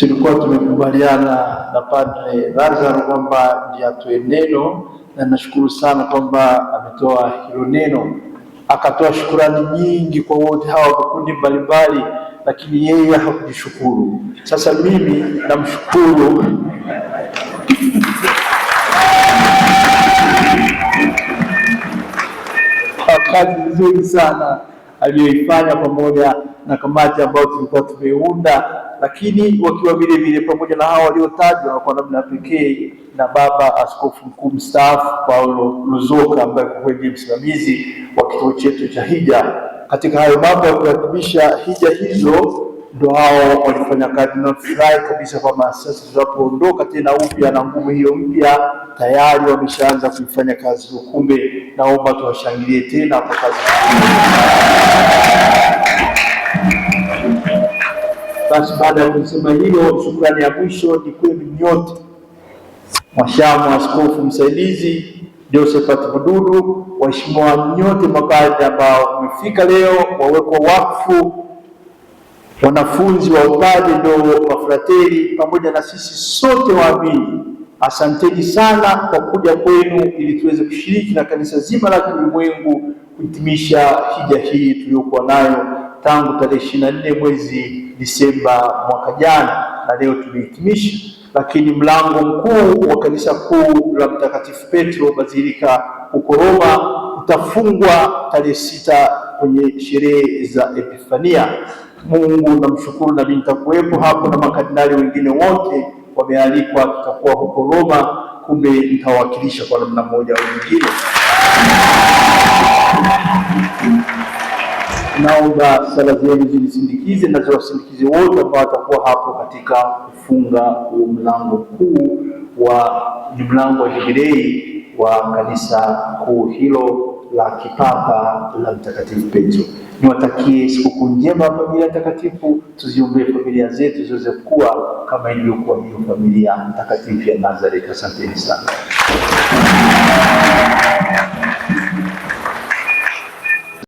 tulikuwa tumekubaliana na Padre Lazaro kwamba ndiye atoe neno, na nashukuru sana kwamba ametoa hilo neno, akatoa shukurani nyingi kwa wote hawa makundi mbalimbali, lakini yeye hakujishukuru. Sasa mimi namshukuru kwa kazi nzuri sana aliyoifanya pamoja na kamati ambayo tulikuwa tumeunda lakini wakiwa vile vile pamoja na hao waliotajwa kwa namna pekee na Baba Askofu Mkuu mstaafu Paulo Luzoka ambaye ndiye msimamizi wa kituo chetu cha hija. Katika hayo mambo ya kuadhimisha hija hizo, ndo hao walifanya kazi. Nafurahi kabisa kwamba sasa tunapoondoka tena upya na nguvu hiyo mpya, tayari wameshaanza kuifanya kazi hiyo. Kumbe naomba tuwashangilie tena kwa kazi Basi baada ya kusema hiyo, shukrani ya mwisho ni kwenu nyote, mwashamu askofu msaidizi Josephat Bududu, waheshimiwa nyote mapadri ambao wamefika leo, wawekwa wakfu, wanafunzi wa upadri ndio wafrateri, pamoja na sisi sote waamini, asanteni sana kwa kuja kwenu ili tuweze kushiriki na kanisa zima la kiulimwengu kuhitimisha hija hii tuliyokuwa nayo tangu tarehe ishirini na nne mwezi Disemba mwaka jana na leo tumehitimisha. Lakini mlango mkuu wa kanisa kuu la Mtakatifu Petro Bazilika huko Roma utafungwa tarehe sita kwenye sherehe za Epifania. Mungu namshukuru, nami nitakuwepo hapo na makardinali wengine wote wamealikwa, tutakuwa huko Roma. Kumbe nitawakilisha kwa namna moja au nyingine. Naomba sala zenu zilisindikize na ziwasindikize wote ambao watakuwa hapo katika kufunga huu mlango kuu wa ni mlango wa jubilei wa kanisa kuu hilo la kipapa la Mtakatifu Petro. Niwatakie sikukuu njema ya familia takatifu. Tuziombee familia zetu ziweze kuwa kama ilivyokuwa hiyo familia takatifu ya Nazareti. Asanteni sana.